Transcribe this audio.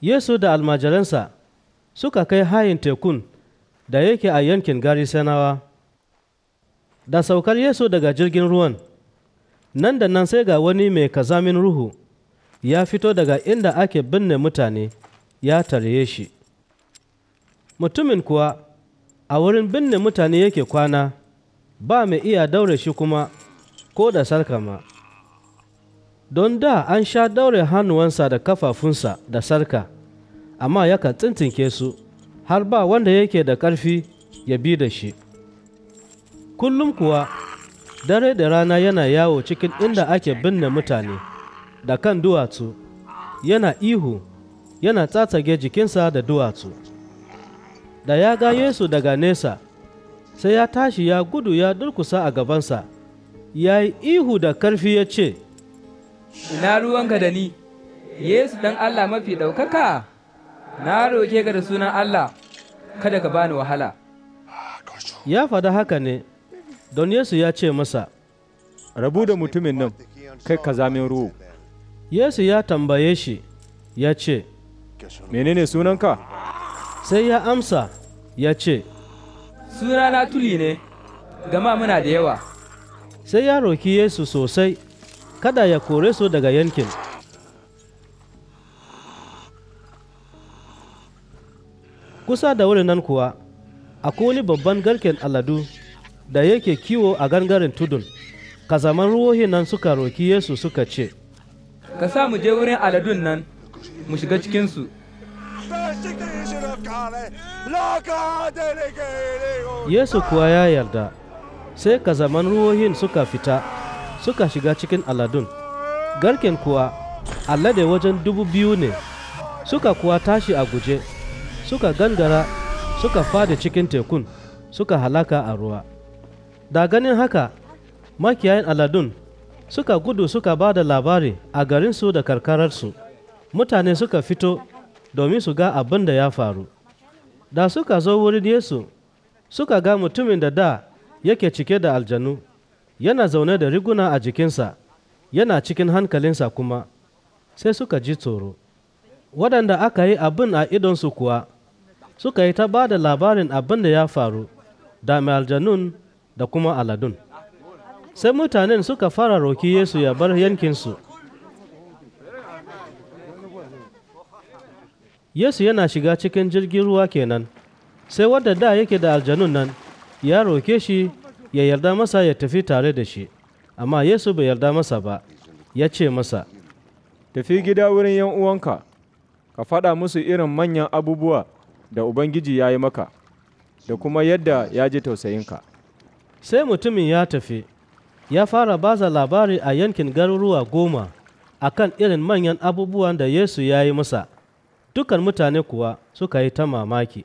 Yesu da almajiransa suka kai hayin tekun da yake a yankin Garisanawa. Da saukar Yesu daga jirgin ruwan, nan da nan sai ga wani mai kazamin ruhu ya fito daga inda ake binne mutane ya tarye shi. Mutumin kuwa a wurin binne mutane yake kwana, ba mai iya daure shi kuma ko da sarkama. don da an sha daure hannuwansa da kafafunsa da sarka amma yakan tsintsinke su har ba wanda yake da ƙarfi ya bi da shi kullum kuwa dare da rana yana yawo cikin inda ake binne mutane da kan duwatsu yana ihu yana tsatsage jikinsa da duwatsu da ya ga yesu daga nesa sai ya tashi ya gudu ya durkusa a gabansa ya yi ihu da karfi ya ce ina ruwanka da ni, Yesu ɗan Allah mafi ɗaukaka, na roke ka da sunan Allah, kada ka bani wahala. Ya faɗa haka ne, don Yesu ya ce masa, Rabu da mutumin nan, kai ka zamin ruwa. Yesu ya tambaye shi, ya ce, Menene sunanka? Sai ya amsa, ya ce, Sunana tuli ne, gama muna da yawa. Sai ya roki Yesu sosai kada ya kore su daga yankin kusa da wurin nan kuwa akwai wani babban garken aladu da yake kiwo a gangaren tudun kazaman ruwohi nan suka roki yesu suka ce ka sa mu je wurin aladun nan mu shiga cikinsu yesu kuwa ya yarda sai kazaman ruwohin suka fita suka shiga cikin aladun garken kuwa alade wajen dubu biyu ne suka kuwa tashi a guje suka gangara suka fada cikin tekun suka halaka a ruwa da ganin haka makiyayin aladun suka gudu suka ba da labari a garinsu da karkararsu mutane suka fito domin su ga abin da ya faru da suka zo wurin yesu suka ga mutumin da da yake cike da aljanu yana zaune da riguna a jikinsa yana cikin hankalinsa kuma sai suka ji tsoro waɗanda aka yi abin a idonsu kuwa suka yi ta ba da labarin abin da ya faru da mai aljanun da kuma aladun sai mutanen suka fara roki yesu ya bar yankinsu yesu yana shiga cikin jirgin ruwa kenan sai wadda da yake da aljanun nan ya roke shi ya yarda masa ya tafi tare da shi amma yesu bai yarda masa ba ya ce masa tafi gida wurin yan uwanka ka faɗa musu irin manyan abubuwa da ubangiji ya yi maka da kuma yadda ya ji tausayinka sai mutumin ya tafi ya fara baza labari a yankin garuruwa goma a kan irin manyan abubuwan da yesu ya yi masa dukan mutane kuwa suka yi ta mamaki